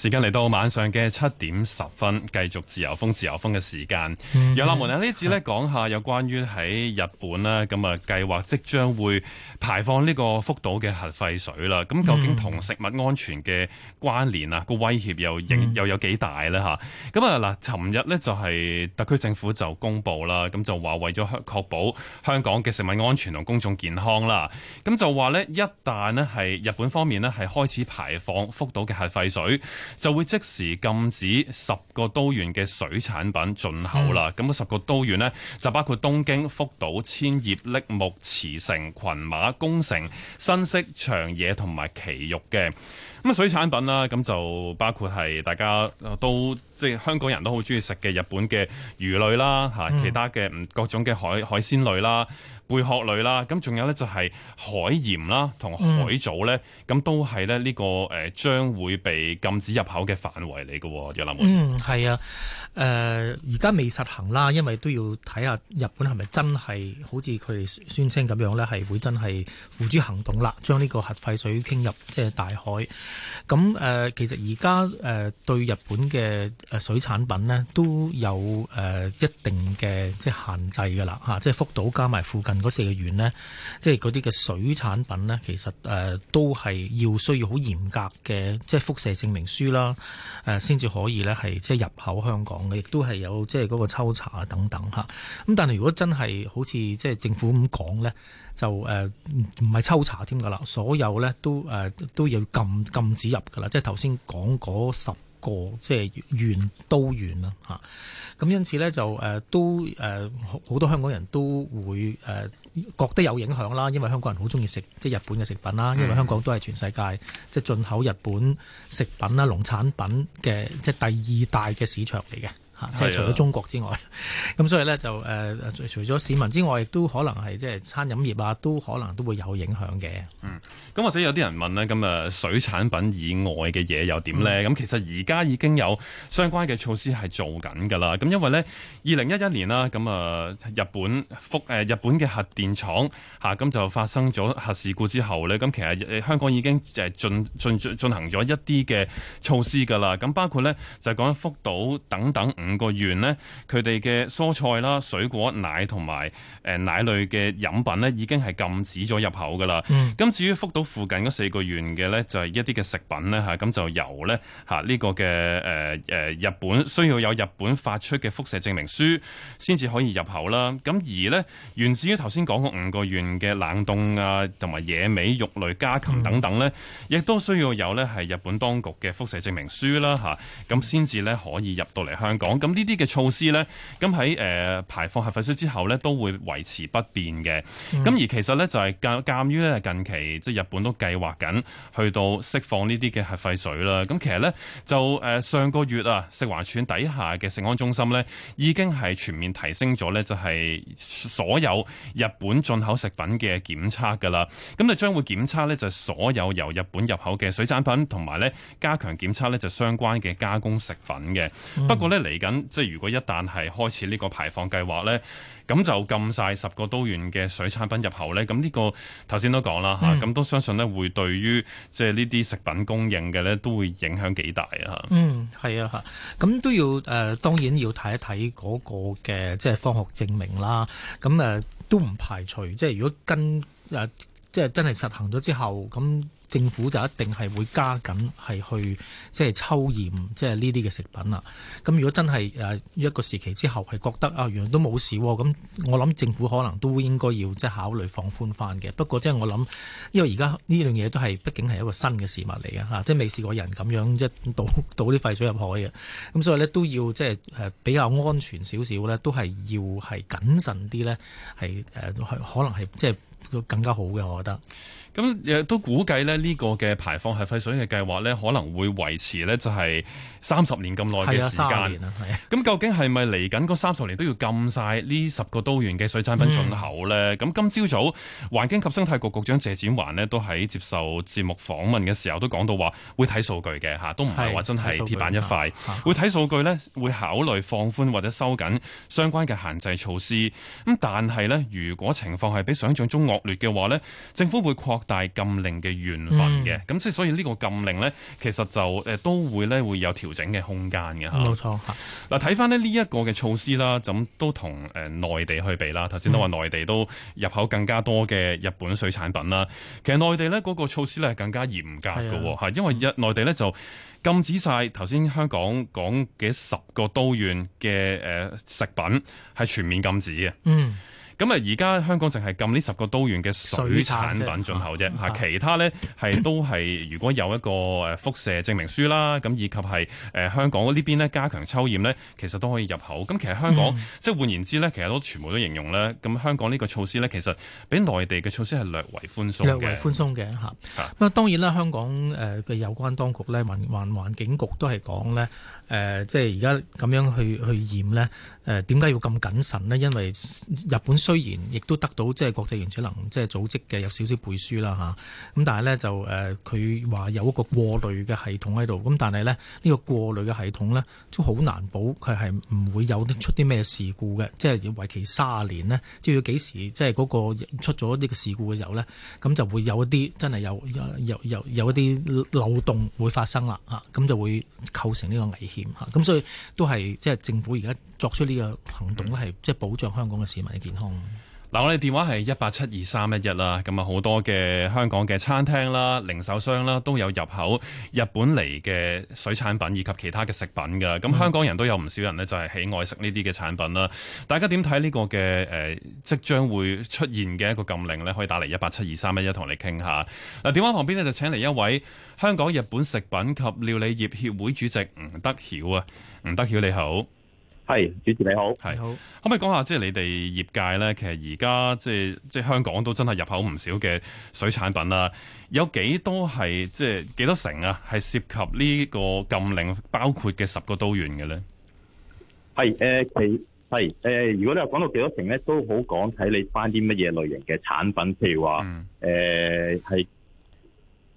時間嚟到晚上嘅七點十分，繼續自由風自由風嘅時間。楊立 門啊，呢次咧講下有關於喺日本啦，咁啊計劃即將會排放呢個福島嘅核廢水啦。咁究竟同食物安全嘅關聯啊，個、嗯、威脅又又有幾大呢？吓、嗯，咁啊嗱，尋日呢就係特區政府就公布啦，咁就話為咗確保香港嘅食物安全同公眾健康啦，咁就話呢，一旦呢係日本方面呢，係開始排放福島嘅核廢水。就會即時禁止十個都縣嘅水產品進口啦。咁十個都縣呢，就包括東京、福島、千葉、栃木、茨城、群馬、宮城、新潟、長野同埋埼玉嘅。咁水產品啦，咁就包括係大家都即係香港人都好鍾意食嘅日本嘅魚類啦，其他嘅各種嘅海海鮮類啦。貝殼類啦，咁仲有呢就係海鹽啦同海藻呢，咁、嗯、都係呢個將會被禁止入口嘅範圍嚟嘅，有立文。嗯，係啊，而、呃、家未實行啦，因為都要睇下日本係咪真係好似佢哋宣稱咁樣呢，係會真係付諸行動啦，將呢個核廢水傾入即係大海。咁、嗯呃、其實而家誒對日本嘅水產品呢，都有一定嘅即係限制㗎啦、啊，即係福島加埋附近。嗰四個縣呢，即係嗰啲嘅水產品呢，其實誒、呃、都係要需要好嚴格嘅，即、就、係、是、輻射證明書啦，誒先至可以呢，係即係入口香港嘅，亦都係有即係嗰個抽查啊等等吓。咁但係如果真係好似即係政府咁講呢，就誒唔係抽查添㗎喇，所有呢，都誒、呃、都要禁禁止入㗎喇，即係頭先講嗰十個即係遠都遠啊嚇，咁因此呢，就誒都誒好多香港人都會誒、呃、覺得有影響啦，因為香港人好中意食即係日本嘅食品啦，因為香港都係全世界即係進口日本食品啦、農產品嘅即係第二大嘅市場嚟嘅。即係除咗中國之外，咁所以咧就誒、呃、除咗市民之外，亦都可能係即係餐飲業啊，都可能都會有影響嘅。嗯，咁或者有啲人問咧，咁啊，水產品以外嘅嘢又點咧？咁、嗯、其實而家已經有相關嘅措施係做緊㗎啦。咁因為咧，二零一一年啦，咁啊，日本福誒、呃、日本嘅核電廠吓咁、啊、就發生咗核事故之後咧，咁其實香港已經誒進進進、進行咗一啲嘅措施㗎啦。咁包括咧就講福島等等五五個縣咧，佢哋嘅蔬菜啦、水果、奶同埋誒奶類嘅飲品咧，已經係禁止咗入口噶啦。咁、嗯、至於福島附近嗰四個縣嘅呢，就係、是、一啲嘅食品呢。吓、啊，咁就由咧吓呢、啊這個嘅誒誒日本需要有日本發出嘅輻射證明書先至可以入口啦。咁、啊、而呢，源自於頭先講嘅五個縣嘅冷凍啊同埋野味、肉類、家禽等等呢，亦、嗯、都需要有呢係日本當局嘅輻射證明書啦吓，咁先至呢，可以入到嚟香港。咁呢啲嘅措施咧，咁喺誒排放核廢水之後咧，都會維持不變嘅。咁而其實咧，就係鑑鑑於咧近期即係日本都計劃緊去到釋放呢啲嘅核廢水啦。咁其實咧就誒上個月啊，食環署底下嘅食安中心咧已經係全面提升咗咧，就係所有日本進口食品嘅檢測㗎啦。咁就將會檢測咧就所有由日本入口嘅水產品，同埋咧加強檢測咧就相關嘅加工食品嘅。不過咧嚟緊。即係如果一旦係開始呢個排放計劃呢，咁就禁晒十個都縣嘅水產品入口呢。咁呢、這個頭先都講啦吓，咁都相信咧會對於即係呢啲食品供應嘅呢都會影響幾大啊。嗯，係啊吓，咁都要誒、呃，當然要睇一睇嗰個嘅即係科學證明啦。咁誒、呃、都唔排除，即係如果跟誒、呃、即係真係實行咗之後咁。那政府就一定係會加緊係去即係抽驗，即係呢啲嘅食品啦。咁如果真係誒一個時期之後係覺得啊，原來都冇事喎，咁我諗政府可能都應該要即係考慮放寬翻嘅。不過即係我諗，因為而家呢樣嘢都係畢竟係一個新嘅事物嚟嘅嚇，即係未試過人咁樣一倒倒啲廢水入海嘅。咁所以咧都要即係誒比較安全少少咧，都係要係謹慎啲咧，係誒可能係即係更加好嘅，我覺得。咁都估計咧，呢個嘅排放核廢水嘅計劃咧，可能會維持咧，就係三十年咁耐嘅時間，年咁究竟係咪嚟緊三十年都要禁晒呢十個都縣嘅水產品進口咧？咁、嗯、今朝早環境及生態局局長謝展寰咧，都喺接受節目訪問嘅時候都講到話會睇數據嘅吓，都唔係話真係鐵板一塊，會睇數據咧，會考慮放寬或者收緊相關嘅限制措施。咁但係咧，如果情況係比想象中惡劣嘅話咧，政府會擴大禁令嘅緣分嘅，咁即係所以呢個禁令咧，其實就誒都會咧會有調整嘅空間嘅吓。冇錯，嗱睇翻咧呢一個嘅措施啦，咁都同誒內地去比啦。頭先都話內地都入口更加多嘅日本水產品啦，嗯。其實內地咧嗰個措施咧係更加嚴格嘅。吓，嗯，因為內地咧就禁止晒頭先香港講嘅十個都縣嘅誒食品係全面禁止嘅。嗯。咁啊！而家香港淨係禁呢十個都縣嘅水產品進口啫，其他咧係都係如果有一個誒輻射證明書啦，咁以及係香港呢邊呢加強抽驗咧，其實都可以入口。咁其實香港即係換言之咧，其實都全部都形容咧，咁香港呢個措施咧，其實比內地嘅措施係略為寬鬆，略為寬鬆嘅咁當當然啦，香港嘅有關當局咧環環環境局都係講咧。誒、呃，即係而家咁樣去去驗呢，誒點解要咁謹慎呢？因為日本雖然亦都得到即係國際原子能即係組織嘅有少少背書啦嚇咁、啊、但係呢，就誒佢話有一個過濾嘅系統喺度，咁但係呢，呢、呢個過濾嘅系統呢，都好難保佢係唔會有出啲咩事故嘅，即係為期卅年呢，即係要幾時即係嗰個出咗呢個事故嘅時候呢，咁就會有一啲真係有有有有，有一啲漏洞會發生啦嚇，咁、啊、就會構成呢個危險。咁所以都係即係政府而家作出呢個行動咧，係即係保障香港嘅市民嘅健康。嗱，我哋電話係一八七二三一一啦，咁啊好多嘅香港嘅餐廳啦、零售商啦都有入口日本嚟嘅水產品以及其他嘅食品噶，咁香港人都有唔少人呢，就係喜愛食呢啲嘅產品啦。大家點睇呢個嘅誒即將會出現嘅一個禁令呢？可以打嚟一八七二三一一同你傾下。嗱，電話旁邊呢，就請嚟一位香港日本食品及料理業協會主席吳德曉啊，吳德曉，吳德曉你好。係，主持你好。係好，可唔可以講下，即係你哋業界咧，其實而家即係即係香港都真係入口唔少嘅水產品啦，啊。有幾多係即係幾多成啊？係涉及呢個禁令包括嘅十個都縣嘅咧？係誒，係、呃、誒、呃，如果你話講到幾多成咧，都好講睇你翻啲乜嘢類型嘅產品，譬如話誒係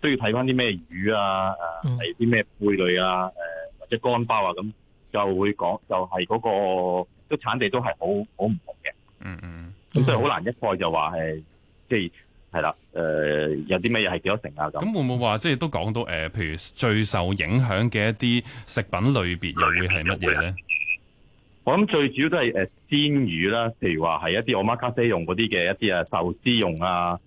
都要睇翻啲咩魚啊，誒係啲咩貝類啊，誒或者乾包啊咁。就會講就係、是、嗰、那個，即產地都係好好唔同嘅。嗯嗯。咁所以好難一概就話係、就是呃，即係係啦。誒，有啲乜嘢係幾多成啊？咁會唔會話即係都講到誒？譬如最受影響嘅一啲食品類別又會係乜嘢咧？我諗最主要都係誒鮮魚啦，譬如話係一啲 Omakase 用嗰啲嘅一啲啊壽司用啊，誒、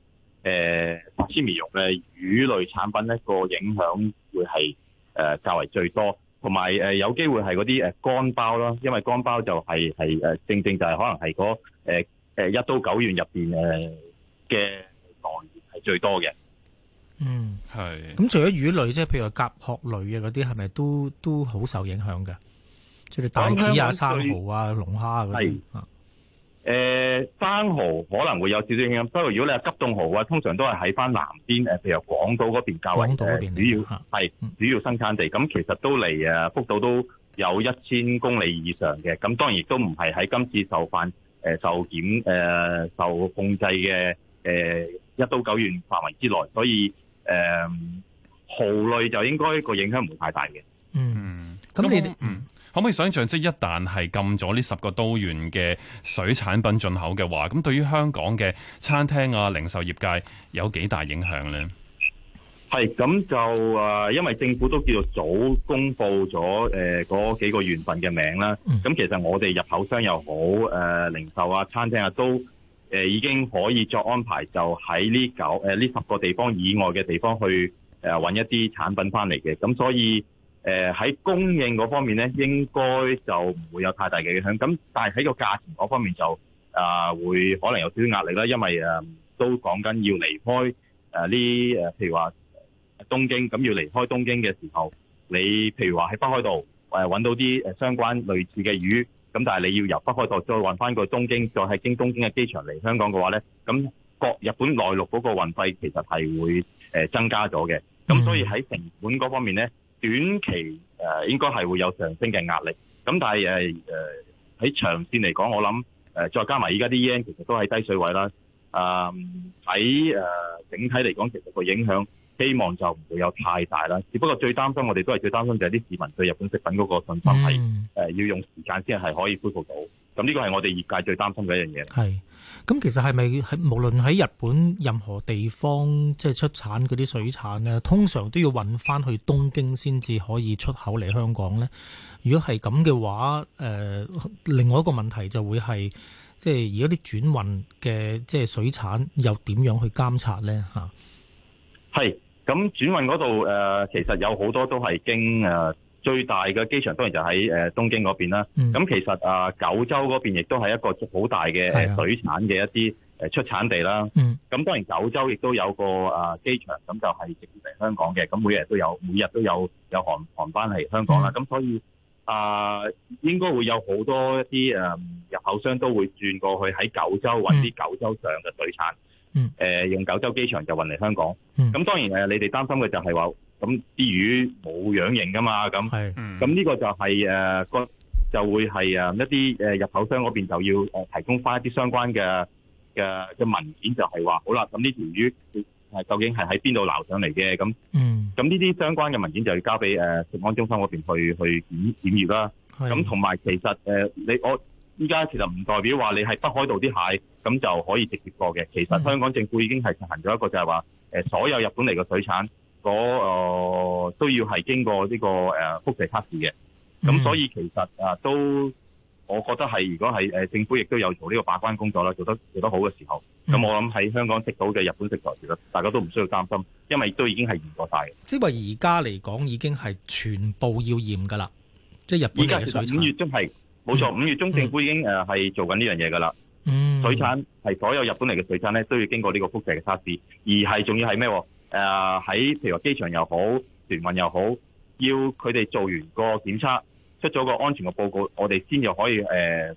呃、黐米用嘅魚類產品呢個影響會係誒、呃、較為最多。同埋有，有機會係嗰啲誒肝包啦，因為肝包就係係誒正正就係可能係嗰一刀九丸入邊誒嘅內容係最多嘅。嗯，係。咁、嗯、除咗魚類，即係譬如甲殼類啊嗰啲，係咪都都好受影響㗎？即係啲帶子啊、生蠔啊、龍蝦啊嗰啲誒生蠔可能會有少少影響，不過如果你係急凍蠔啊，通常都係喺翻南邊誒，譬如廣島嗰邊較為嘅主要係、嗯、主要生產地，咁其實都嚟啊，福島都有一千公里以上嘅，咁當然亦都唔係喺今次受犯誒、呃、受檢誒、呃、受控制嘅誒、呃、一都九縣範圍之內，所以誒蠔、呃、類就應該個影響唔會太大嘅。嗯，咁你嗯。可唔可以想象，即一旦係禁咗呢十個都縣嘅水產品進口嘅話，咁對於香港嘅餐廳啊、零售業界有幾大影響呢？係咁就、呃、因為政府都叫做早公布咗嗰幾個縣份嘅名啦。咁、嗯、其實我哋入口商又好、呃、零售啊、餐廳啊，都、呃、已經可以作安排就，就喺呢九呢十個地方以外嘅地方去搵、呃、一啲產品翻嚟嘅。咁所以。誒喺供應嗰方面咧，應該就唔會有太大嘅影響。咁但係喺個價錢嗰方面就啊，會可能有少少壓力啦。因為誒、嗯、都講緊要離開誒呢誒，啊、譬如話東京咁，要離開東京嘅時候，你譬如話喺北海道搵到啲相關類似嘅魚，咁但係你要由北海道再運翻個東京，再喺經東京嘅機場嚟香港嘅話咧，咁各日本內陸嗰個運費其實係會誒增加咗嘅。咁所以喺成本嗰方面咧。短期誒、呃、應該係會有上升嘅壓力，咁但係喺、呃、長線嚟講，我諗、呃、再加埋依家啲日圓其實都係低水位啦。誒喺誒整體嚟講，其實個影響希望就唔會有太大啦。只不過最擔心我哋都係最擔心就係啲市民對日本食品嗰個信心係誒要用時間先係可以恢復到。咁呢個係我哋業界最擔心嘅一樣嘢。咁其實係咪喺無論喺日本任何地方即係出產嗰啲水產咧，通常都要運翻去東京先至可以出口嚟香港呢？如果係咁嘅話，誒、呃，另外一個問題就會係即係而家啲轉運嘅即係水產又點樣去監察呢？嚇，係咁轉運嗰度誒，其實有好多都係經誒。呃最大嘅機場當然就喺誒東京嗰邊啦。咁、嗯、其實啊九州嗰邊亦都係一個好大嘅水產嘅一啲誒出產地啦。咁、嗯、當然九州亦都有一個啊機場，咁就係直接嚟香港嘅。咁每日都有，每日都有有航航班嚟香港啦。咁、嗯、所以啊、呃，應該會有好多一啲誒、嗯、入口商都會轉過去喺九州或者九州上嘅水產。嗯嗯嗯，誒、呃、用九州機場就運嚟香港，咁、嗯、當然誒、啊、你哋擔心嘅就係話，咁啲魚冇養型㗎嘛，咁，咁呢、嗯、個就係誒個就會係誒、呃、一啲誒入口商嗰邊就要誒提供返一啲相關嘅嘅嘅文件就是說，就係話好啦，咁呢條魚係究竟係喺邊度撈上嚟嘅，咁，咁呢啲相關嘅文件就要交俾誒、呃、食安中心嗰邊去去檢檢驗啦，咁同埋其實誒、呃、你我。依家其實唔代表話你係北海道啲蟹咁就可以直接過嘅。其實香港政府已經係進行咗一個就係話所有日本嚟嘅水產嗰、呃、都要係經過呢、這個誒、呃、輻射測試嘅。咁所以其實啊，都我覺得係如果係、呃、政府亦都有做呢個把關工作啦，做得做得好嘅時候，咁我諗喺香港食到嘅日本食材咧，大家都唔需要擔心，因為都已經係驗過晒嘅。即係而家嚟講已經係全部要驗噶啦，即係日本嘅水五月係。冇錯，五、mm -hmm. 月中政府已經誒係做緊呢樣嘢㗎啦。Mm -hmm. 水產係所有日本嚟嘅水產咧，都要經過呢個輻射嘅測試，而係仲要係咩？誒、呃、喺譬如話機場又好，船運又好，要佢哋做完個檢測，出咗個安全嘅報告，我哋先至可以誒，即、呃、係、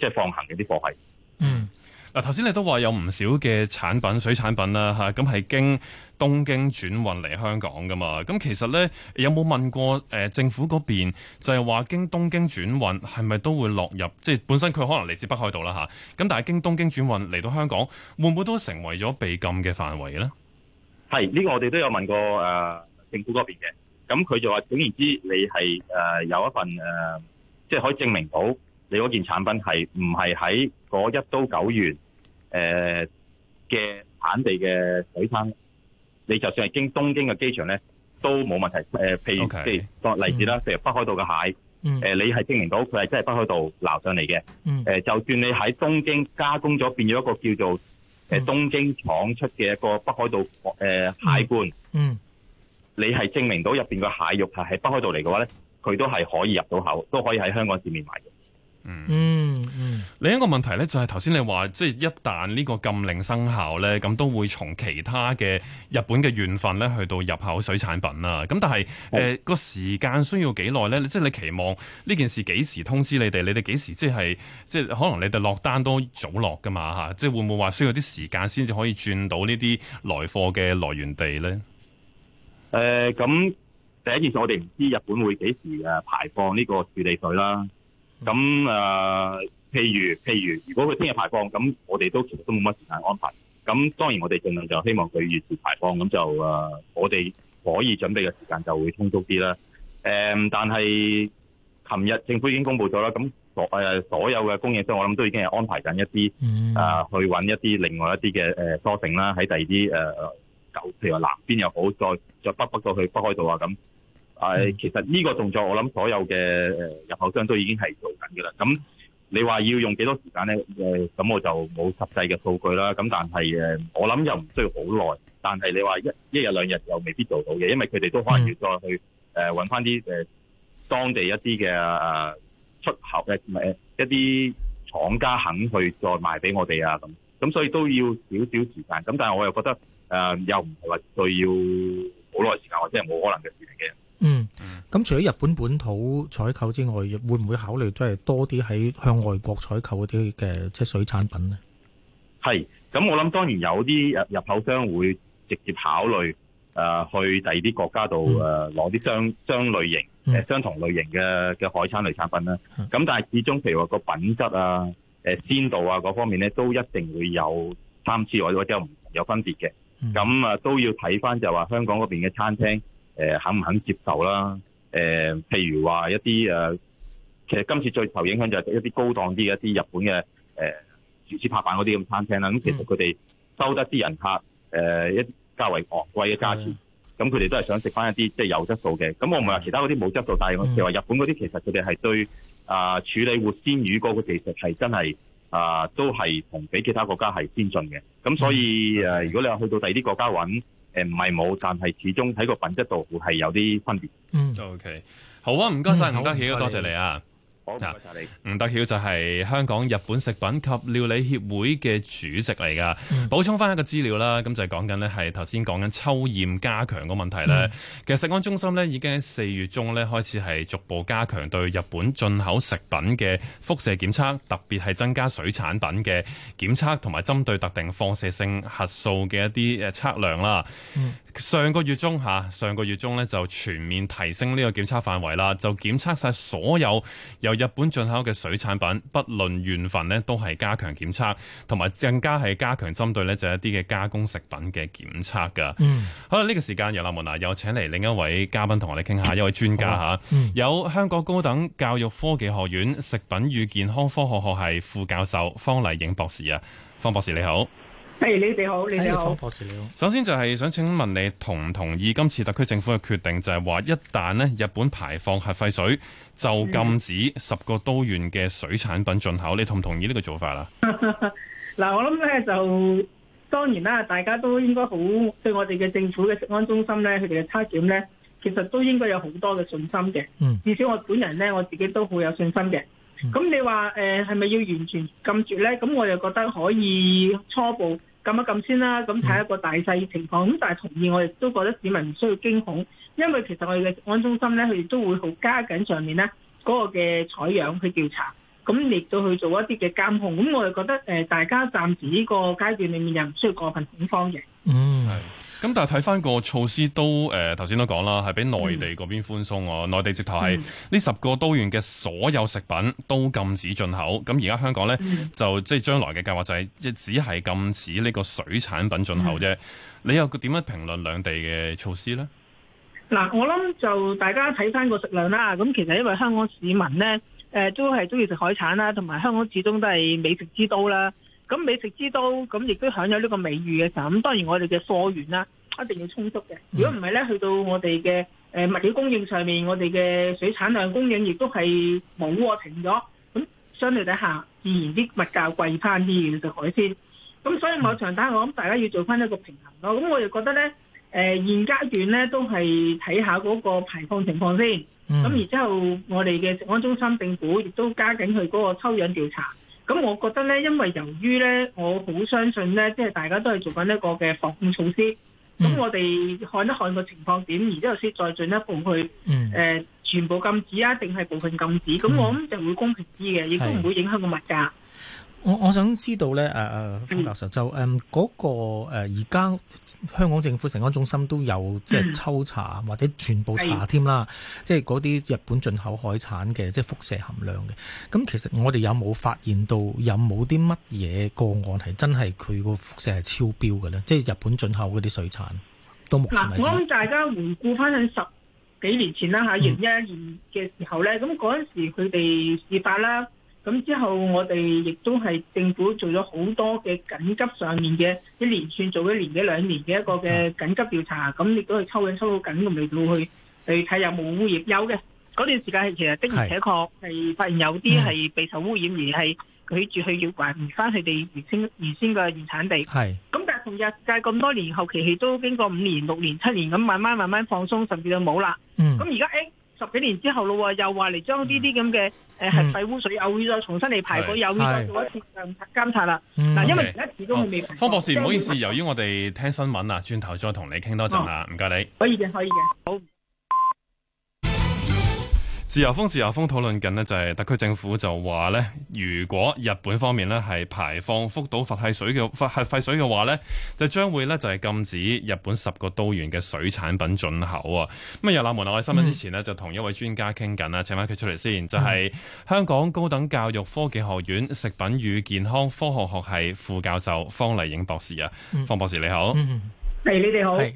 就是、放行嗰啲貨係。Mm -hmm. 嗱，頭先你都話有唔少嘅產品、水產品啦，咁係經東京轉運嚟香港噶嘛？咁其實咧，有冇問過政府嗰邊？就係話經東京轉運，係咪都會落入即係本身佢可能嚟自北海道啦，嚇咁，但係經東京轉運嚟到香港，會唔會都成為咗被禁嘅範圍咧？係呢、呢個我哋都有問過誒、呃、政府嗰邊嘅，咁佢就話總言之你，你係誒有一份誒，即、呃、係、就是、可以證明到。你嗰件產品係唔係喺嗰一刀九元誒嘅產地嘅水產？你就算係經東京嘅機場咧，都冇問題。誒、呃，譬、okay. 如即例子啦，譬、嗯、如北海道嘅蟹，嗯呃、你係證明到佢係真係北海道撈上嚟嘅、嗯呃。就算你喺東京加工咗，變咗一個叫做誒東京廠出嘅一個北海道誒、呃、蟹罐、嗯，嗯，你係證明到入面嘅蟹肉係喺北海道嚟嘅話咧，佢都係可以入到口，都可以喺香港市面買嘅。嗯嗯，另一個問題呢，就係頭先你話，即係一旦呢個禁令生效呢，咁都會從其他嘅日本嘅縣份呢去到入口水產品啦。咁但係誒個時間需要幾耐呢？即係你期望呢件事幾時通知你哋？你哋幾時即係即係可能你哋落單都早落噶嘛？吓，即係會唔會話需要啲時間先至可以轉到呢啲來貨嘅來源地呢？誒、呃，咁第一件事我哋唔知日本會幾時誒排放呢個處理水啦。咁誒、呃，譬如譬如，如果佢聽日排放，咁我哋都其實都冇乜時間安排。咁當然我哋盡量就希望佢預先排放，咁就誒、呃，我哋可以準備嘅時間就會充足啲啦、嗯。但係琴日政府已經公布咗啦，咁所、呃、所有嘅供應商，我諗都已經係安排緊一啲、呃、去揾一啲另外一啲嘅誒多城啦，喺第二啲誒，九、呃、譬如話南邊又好，再再北北到去北海道啊，咁。係，其實呢個動作我諗所有嘅誒入口商都已經係做緊㗎啦。咁你話要用幾多時間咧？誒，咁我就冇實際嘅數據啦。咁但係誒，我諗又唔需要好耐。但係你話一一日兩日又未必做到嘅，因為佢哋都可能要再去誒揾翻啲誒當地一啲嘅誒出口嘅一啲廠家肯去再賣俾我哋啊咁。咁所以都要少少時間。咁但係我又覺得誒、呃，又唔係話需要好耐時間，或者係冇可能嘅事情嘅。嗯，咁除咗日本本土採購之外，會唔會考慮多啲喺向外國採購嗰啲嘅即係水產品呢？係，咁我諗當然有啲入口商會直接考慮，誒、呃，去第二啲國家度，誒、嗯，攞啲相相類型，誒、嗯，相同類型嘅嘅海產類產品啦。咁、嗯、但係始終譬如話個品質啊，誒，鮮度啊嗰方面呢，都一定會有參差，或者或者有分別嘅。咁、嗯、啊，都要睇翻就話香港嗰邊嘅餐廳，嗯誒，肯唔肯接受啦？誒、呃，譬如話一啲誒，其實今次最受影響就係一啲高檔啲、一啲日本嘅誒廚師，拍板嗰啲咁餐廳啦。咁其實佢哋收得啲人客誒、呃，一較為昂貴嘅價錢，咁佢哋都係想食翻一啲即係有質素嘅。咁我唔係話其他嗰啲冇質素，但係我譬如話日本嗰啲，其實佢哋係對啊、呃、處理活鮮魚嗰個技術係真係啊、呃，都係同比其他國家係先進嘅。咁所以誒、啊，如果你話去到第二啲國家搵。誒，唔係冇，但係始終喺個品質度會係有啲分別。嗯，OK，好啊，唔該晒，吳德曉，多謝你啊。嗱、啊，吳德曉就係香港日本食品及料理協會嘅主席嚟噶、嗯。補充翻一個資料啦，咁就係講緊咧，係頭先講緊抽驗加強個問題。咧、嗯。其實食安中心咧已經喺四月中咧開始係逐步加強對日本進口食品嘅輻射檢測，特別係增加水產品嘅檢測同埋針對特定放射性核素嘅一啲誒測量啦、嗯。上個月中嚇、啊，上個月中咧就全面提升呢個檢測範圍啦，就檢測晒所有由日本進口嘅水產品，不論原分咧，都係加強檢測，同埋更加係加強針對呢就一啲嘅加工食品嘅檢測噶。嗯，好啦，呢、這個時間由阿文啊，又請嚟另一位嘉賓同我哋傾下，一位專家吓、嗯，有香港高等教育科技學院食品與健康科學學系副教授方麗影博士啊，方博士你好。係、hey, 你哋好，你哋好，首先就係想請問你同唔同意今次特區政府嘅決定，就係話一旦日本排放核廢水，就禁止十個都縣嘅水產品進口、嗯。你同唔同意呢個做法啦？嗱、 啊，我諗咧就當然啦，大家都應該好對我哋嘅政府嘅食安中心咧，佢哋嘅測檢咧，其實都應該有好多嘅信心嘅。嗯，至少我本人咧，我自己都好有信心嘅。咁、嗯、你話誒係咪要完全禁住咧？咁我又覺得可以初步。撳一撳先啦，咁睇一個大細情況。咁但係同意，我亦都覺得市民唔需要驚恐，因為其實我哋嘅食安中心咧，佢亦都會好加緊上面咧嗰個嘅採樣去調查，咁亦都去做一啲嘅監控。咁我哋覺得、呃、大家暫時呢個階段裏面又唔需要過份恐慌嘅。嗯、mm.，咁但係睇翻個措施都誒，頭先都講啦，係俾內地嗰邊寬鬆啊！嗯、內地直頭係呢十個都月嘅所有食品都禁止進口。咁而家香港呢，就即係將來嘅計劃就係、是、只係禁止呢個水產品進口啫、嗯。你又點樣評論兩地嘅措施呢？嗱，我諗就大家睇翻個食量啦。咁其實因為香港市民呢，誒、呃、都係中意食海產啦，同埋香港始終都係美食之都啦。咁美食之都，咁亦都享有呢個美譽嘅時候，咁當然我哋嘅貨源啦，一定要充足嘅。如果唔係咧，去到我哋嘅物料供應上面，我哋嘅水產量供應亦都係冇喎停咗。咁相對底下，自然啲物價貴攀啲食海鮮。咁所以某長打，我諗大家要做翻一個平衡咯。咁我又覺得咧、呃、現階段咧都係睇下嗰個排放情況先。咁然之後，我哋嘅食安中心政府亦都加緊去嗰個抽樣調查。咁我覺得咧，因為由於咧，我好相信咧，即係大家都係做緊一個嘅防控措施。咁我哋看一看個情況點，然之後先再進一步去誒、嗯呃、全部禁止啊，定係部分禁止？咁我諗就會公平啲嘅，亦、嗯、都唔會影響個物價。我我想知道咧，誒、呃、誒，方教授、嗯、就誒嗰、嗯那個而家、呃、香港政府食安中心都有即係、嗯就是、抽查或者全部查添啦，即係嗰啲日本進口海產嘅即係輻射含量嘅。咁其實我哋有冇發現到有冇啲乜嘢個案係真係佢個輻射係超標嘅咧？即、就、係、是、日本進口嗰啲水產都目前嚟講。我諗大家回顧翻喺十幾年前啦，吓二零一一年嘅時候咧，咁嗰陣時佢哋事發啦。咁之後，我哋亦都係政府做咗好多嘅緊急上面嘅一連串做咗一年幾兩年嘅一個嘅緊急調查，咁、嗯、亦都去抽緊抽緊咁嚟到去去睇有冇污染，有嘅嗰段時間係其實的而且確係發現有啲係被受污染、嗯、而係佢住去要唔翻佢哋原先原先嘅原產地。咁，嗯嗯、但係同日界咁多年後期，佢都經過五年六年七年咁慢慢慢慢放鬆，甚至就冇啦。嗯，咁而家十幾年之後咯喎，又話嚟將呢啲咁嘅誒核廢污水又會再重新嚟排放，又會再做一次量誒監察啦。嗱、嗯，因為而家始終我、嗯 okay 啊、未方博士，唔好意思，由於我哋聽新聞啊，轉頭再同你傾多陣啦，唔、嗯、該你。可以嘅，可以嘅，好。自由風自由風，討論緊呢就係、是、特區政府就話呢，如果日本方面呢係排放福島核廢水嘅核廢水嘅話呢，就將會呢就係禁止日本十個都縣嘅水產品進口啊！咁、嗯、啊入冷門啊！我喺新聞之前呢，就同一位專家傾緊啦，請翻佢出嚟先，就係、是、香港高等教育科技學院食品與健康科學學系副教授方麗影博士啊，方博士你好。嗯嗯係你哋好。係，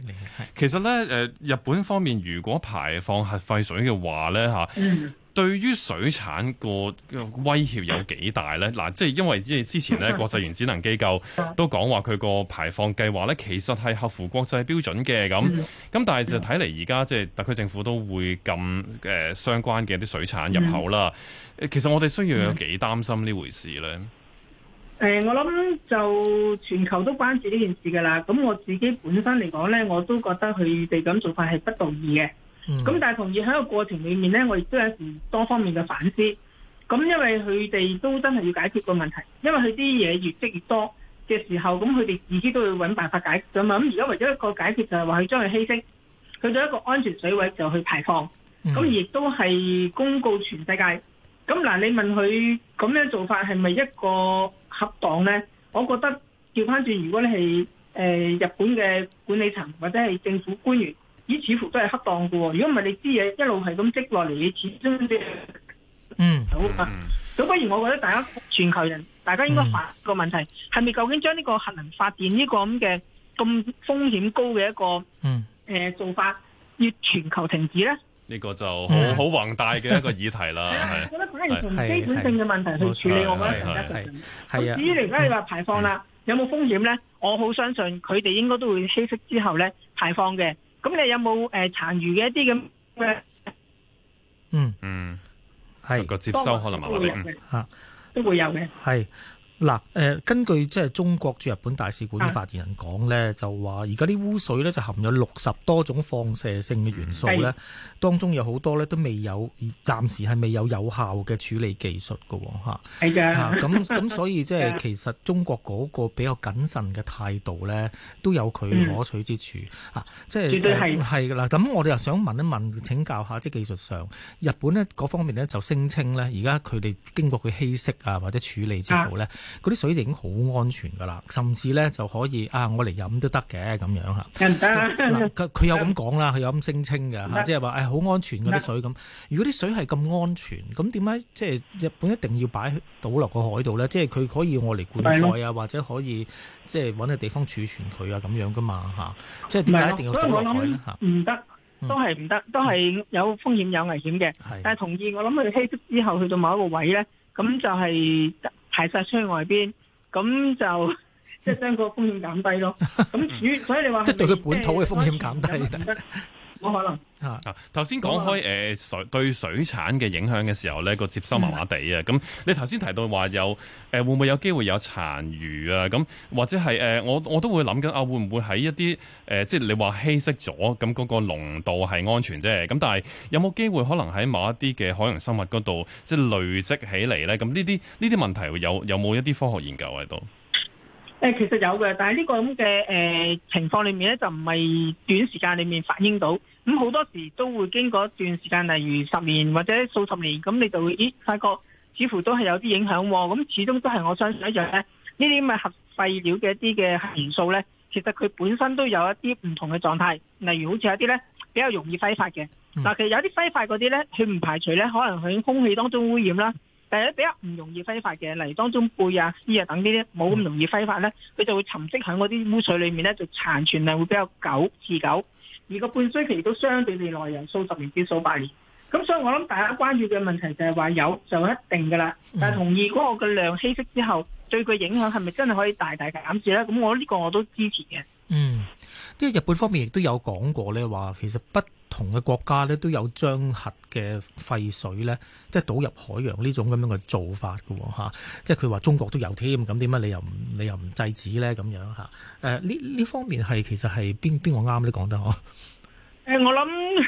其實咧，誒，日本方面如果排放核廢水嘅話咧，吓、嗯，對於水產個威脅有幾大咧？嗱、嗯，即係因為即係之前咧，國際原子能機構都講話佢個排放計劃咧，其實係合乎國際標準嘅，咁、嗯，咁但係就睇嚟而家即係特區政府都會禁誒相關嘅啲水產入口啦。誒、嗯，其實我哋需要有幾擔心呢回事咧？誒，我諗就全球都關注呢件事噶啦。咁我自己本身嚟講呢，我都覺得佢哋咁做法係不道義嘅。咁、嗯、但係同意喺個過程裏面呢，我亦都有時多方面嘅反思。咁因為佢哋都真係要解決個問題，因為佢啲嘢越積越多嘅時候，咁佢哋自己都要揾辦法解決嘛。咁而家為咗一個解決，就係話佢將佢稀釋，去到一個安全水位就去排放。咁亦都係公告全世界。咁嗱，你問佢咁樣做法係咪一個恰當咧？我覺得調翻轉，如果你係誒、呃、日本嘅管理層或者係政府官員，依、呃、似乎都係恰當㗎喎。如果唔係，你知嘢一路係咁積落嚟，你始終都嗯好啊。咁不如，我覺得大家全球人，大家應該發個問題，係、嗯、咪究竟將呢個核能發電呢個咁嘅咁風險高嘅一個誒、嗯呃、做法，要全球停止咧？呢、這個就好好、嗯、宏大嘅一個議題啦。係， 我覺得反而從基本性嘅問題去處理，我覺得更加重要。啊，至於你而家你話排放啦、嗯，有冇風險咧？我好相信佢哋應該都會稀釋之後咧排放嘅。咁你有冇誒殘餘嘅一啲咁嘅？嗯嗯，係、嗯、個接收可能麻煩啲，嚇都會有嘅，係、嗯。啊嗱，誒、呃、根據即係中國駐日本大使館嘅發言人講呢，啊、就話而家啲污水呢，就含有六十多種放射性嘅元素呢，當中有好多呢，都未有，暫時係未有有效嘅處理技術㗎喎、哦，係㗎。咁咁所以即係其實中國嗰個比較謹慎嘅態度呢，都有佢可取之處、嗯、啊，即係絕對係㗎啦。咁、啊、我哋又想問一問，請教下即係技術上，日本呢，嗰方面呢，就聲稱呢，而家佢哋經過佢稀釋啊或者處理之後呢。啊嗰啲水就已經好安全噶啦，甚至咧就可以啊，我嚟飲都得嘅咁樣嚇。唔得、嗯，嗱、嗯、佢、嗯、 有咁講啦，佢、嗯、有咁聲稱嘅，即係話誒好安全嗰啲水咁。如果啲水係咁安全，咁點解即係日本一定要擺倒落個海度咧？即係佢可以我嚟灌溉啊，或者可以即係搵個地方儲存佢啊咁樣噶嘛？即係點解一定要倒落海咧？唔得，都係唔得，都係有風險有危險嘅、嗯。但係同意，我諗佢稀釋之後去到某一個位咧，咁就係、是。排曬出去外邊，咁就即係將個風險減低咯。咁、嗯、主， 所以你話即係對佢本土嘅風險減低。 冇可能嚇！頭先講開誒水、呃、對水產嘅影響嘅時候咧，個接收麻麻地啊！咁你頭先提到話有誒、呃，會唔會有機會有殘餘啊？咁或者係、呃、我我都會諗緊啊，會唔會喺一啲、呃、即係你話稀釋咗咁嗰個濃度係安全啫？咁但係有冇機會可能喺某一啲嘅海洋生物嗰度，即係累積起嚟咧？咁呢啲呢啲問題有有冇一啲科學研究喺度？其實有嘅，但係呢個咁嘅誒情況裏面咧，就唔係短時間裏面反映到，咁好多時都會經過一段時間，例如十年或者數十年，咁你就會咦發覺似乎都係有啲影響，咁始終都係我相信一樣咧。呢啲咁嘅核廢料嘅一啲嘅元素咧，其實佢本身都有一啲唔同嘅狀態，例如好似有啲咧比較容易揮發嘅，嗱其實有啲揮發嗰啲咧，佢唔排除咧可能喺空氣當中污染啦。但係比較唔容易揮發嘅，例如當中鋇啊、鍶啊等呢啲冇咁容易揮發咧，佢就會沉積喺嗰啲污水裏面咧，就殘存量會比較久持久。而個半衰期都相對地耐，由數十年至數百年。咁所以我諗大家關注嘅問題就係話有就一定㗎啦。但係同意，如果我嘅量稀釋之後，對佢影響係咪真係可以大大減少咧？咁我呢個我都支持嘅。嗯，因為日本方面亦都有講過咧，話其實不同嘅國家咧都有將核嘅廢水咧，即係倒入海洋呢種咁樣嘅做法嘅喎嚇，即係佢話中國都有添，咁點解你又唔你又唔制止咧咁樣嚇？誒，呢呢方面係其實係邊邊個啱啲講得呵？誒、呃、我諗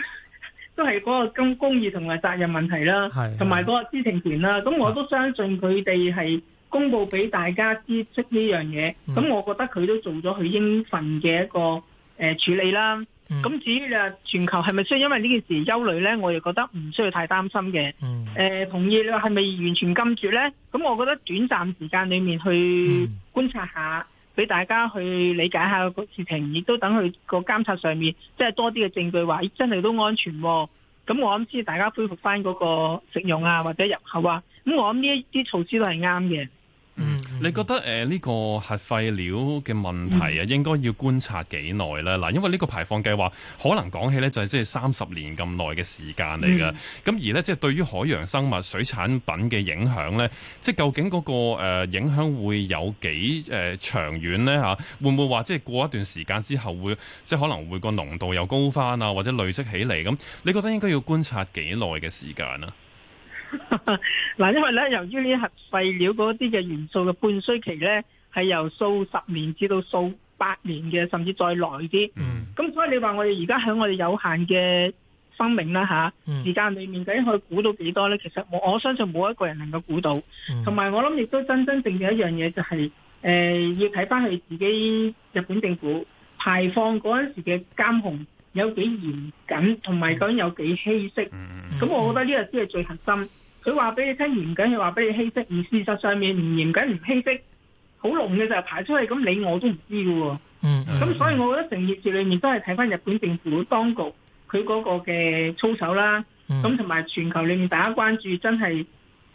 都係嗰個公公義同埋責任問題啦，同埋嗰個知情權啦。咁我都相信佢哋係公佈俾大家知悉呢樣嘢。咁、嗯、我覺得佢都做咗佢應份嘅一個誒處理啦。咁、嗯、至於你話全球係咪需要因為呢件事憂慮咧？我亦覺得唔需要太擔心嘅。誒、嗯呃、同意你話係咪完全禁絕咧？咁我覺得短暫時間裏面去觀察下，俾、嗯、大家去理解下個事情，亦都等佢個監察上面即係多啲嘅證據話真係都安全，啊。咁我諗知大家恢復翻嗰個食用啊或者入口啊，咁我諗呢一啲措施都係啱嘅。你覺得誒呢個核廢料嘅問題啊，應該要觀察幾耐咧？嗱、嗯，因為呢個排放計劃可能講起咧，就係即係三十年咁耐嘅時間嚟㗎。咁、嗯、而咧，即係對於海洋生物、水產品嘅影響咧，即係究竟嗰個影響會有幾誒長遠咧？嚇，會唔會話即係過一段時間之後會即係可能會個濃度又高翻啊，或者累積起嚟咁？你覺得應該要觀察幾耐嘅時間啊？嗱， 因為咧，由於呢核廢料嗰啲嘅元素嘅半衰期咧，係由數十年至到數百年嘅，甚至再耐啲。嗯。咁所以你話我哋而家喺我哋有限嘅生命啦，吓、啊、時間裏面，究竟可以估到幾多咧？其實我我相信冇一個人能夠估到。同、mm. 埋我諗，亦都真真正正一樣嘢，就是，就係誒，要睇翻佢自己日本政府排放嗰陣時嘅監控。有幾嚴謹，同埋究竟有幾稀釋，咁、嗯嗯、我覺得呢個先係最核心。佢話俾你聽嚴謹，佢話俾你稀釋，而事實上面唔嚴謹、唔稀釋，好濃嘅就係排出嚟，咁你我都唔知噶喎。咁、嗯嗯、所以我覺得成件事裏面都係睇翻日本政府當局佢嗰個嘅操守啦。咁同埋全球裏面大家關注，真係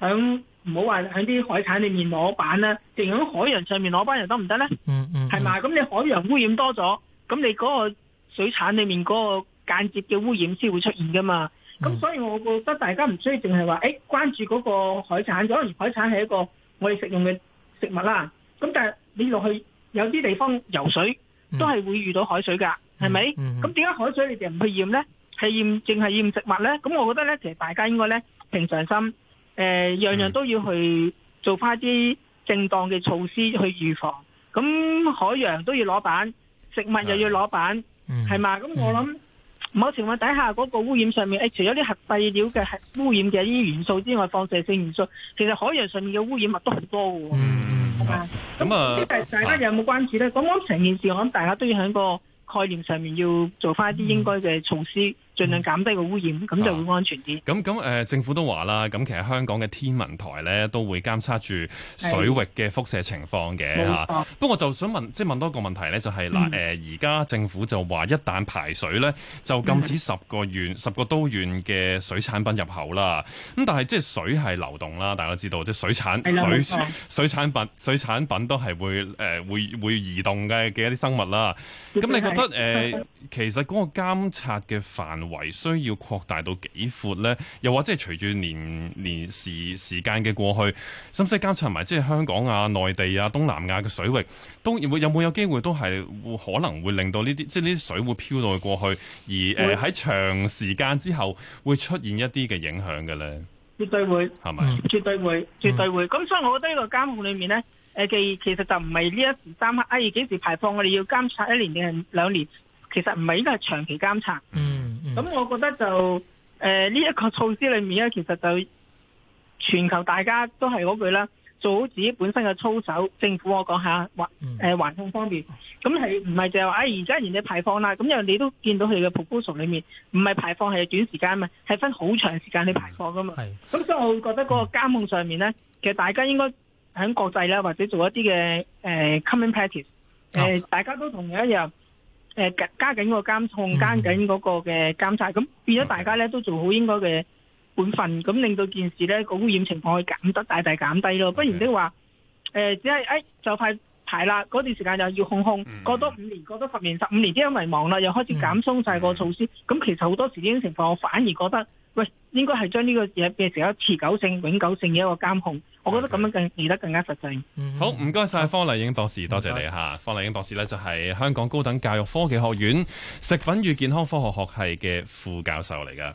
響唔好話響啲海產裏面攞板啦，淨係響海洋上面攞班人得唔得呢？係、嗯、嘛？咁、嗯嗯、你海洋污染多咗，咁你嗰、嗰個。水產裏面嗰個間接嘅污染先會出現㗎嘛，咁、嗯、所以我覺得大家唔需要淨係話，誒、欸、關注嗰個海產，可能海產係一個我哋食用嘅食物啦。咁但係你落去有啲地方游水，都係會遇到海水㗎，係、嗯、咪？咁點解海水你哋唔去驗呢？係驗淨係驗食物呢？咁我覺得呢，其實大家應該呢，平常心，誒、呃、樣樣都要去做翻啲正當嘅措施去預防。咁海洋都要攞板，食物又要攞板。係、嗯、嘛？咁我諗某情況底下嗰個污染上面，誒、嗯，除咗啲核廢料嘅核污染嘅啲元素之外，放射性元素，其實海洋上面嘅污染物都很多、嗯、好多嘅，係、嗯、嘛？咁啊，大家有冇關注咧？咁我成件事，我諗大家都要喺個概念上面要做翻一啲應該嘅措施。嗯盡量減低個污染，咁、嗯、就會安全啲。咁咁誒，政府都話啦，咁其實香港嘅天文台咧都會監測住水域嘅輻射情況嘅嚇、啊。不過就想問，即係問多一個問題咧，就係嗱誒，而、嗯、家、呃、政府就話一旦排水咧，就禁止十個縣、嗯、十個都縣嘅水產品入口啦。咁但係即係水係流動啦，大家知道，即係水產、水水產品、水產品都係會誒、呃、會會移動嘅嘅一啲生物啦。咁你覺得誒、呃，其實嗰個監察嘅範為需要擴大到幾闊咧？又或者係隨住年年時時間嘅過去，使唔使監察埋即係香港啊、內地啊、東南亞嘅水域，都有冇有冇有機會都係可能會令到呢啲即係呢啲水會飄到過去，而誒喺、呃、長時間之後會出現一啲嘅影響嘅咧？絕對會係咪？絕對會，絕對會。咁所以我覺得呢個監控裏面咧，誒其其實就唔係呢一時三刻。哎，幾時排放我哋要監察一年定係兩年？其實唔係，應該係長期監察。嗯，咁、嗯嗯、我覺得就誒呢一個措施裏面咧，其實就全球大家都係嗰句啦，做好自己本身嘅操守。政府我講下環誒環境方面，咁係唔係就係話誒而家人哋嘅排放啦。咁又你都見到佢嘅 proposal 裏面，唔係排放係短時間嘛，係分好長時間去排放噶嘛。係、嗯。咁、嗯、所以我會覺得嗰個監控上面咧，其實大家應該喺國際啦，或者做一啲嘅誒 common practice，誒、呃啊、大家都同佢一樣。誒、呃，加緊個監控，加緊嗰個嘅監察，咁、嗯、變咗大家咧都做好應該嘅本分，咁、嗯、令到件事咧個污染情況去減得大大減低咯、嗯，不然的話，誒、呃、只係誒、哎、就快。係啦，嗰段時間又要控控，過多五年，過多十年、十五年，啲人遺忘啦，又開始減鬆晒個措施。咁、嗯嗯、其實好多時呢種情況，我反而覺得，喂，應該係將呢個嘢變成一持久性、永久性嘅一個監控。我覺得咁樣更而得更加實際。好，唔該晒方麗影博士，多謝，謝你吓。方麗影博士呢，就係香港高等教育科技學院食品與健康科學學系嘅副教授嚟㗎。